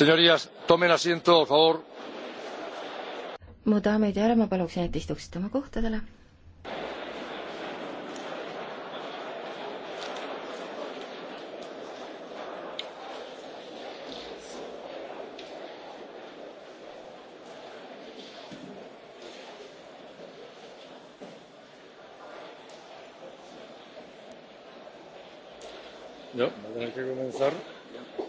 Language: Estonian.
Señorías, tomen asiento, por favor. mu daamid ja härrad, ma paluksin, et istuksite oma kohtadele. No, va a tener que comenzar.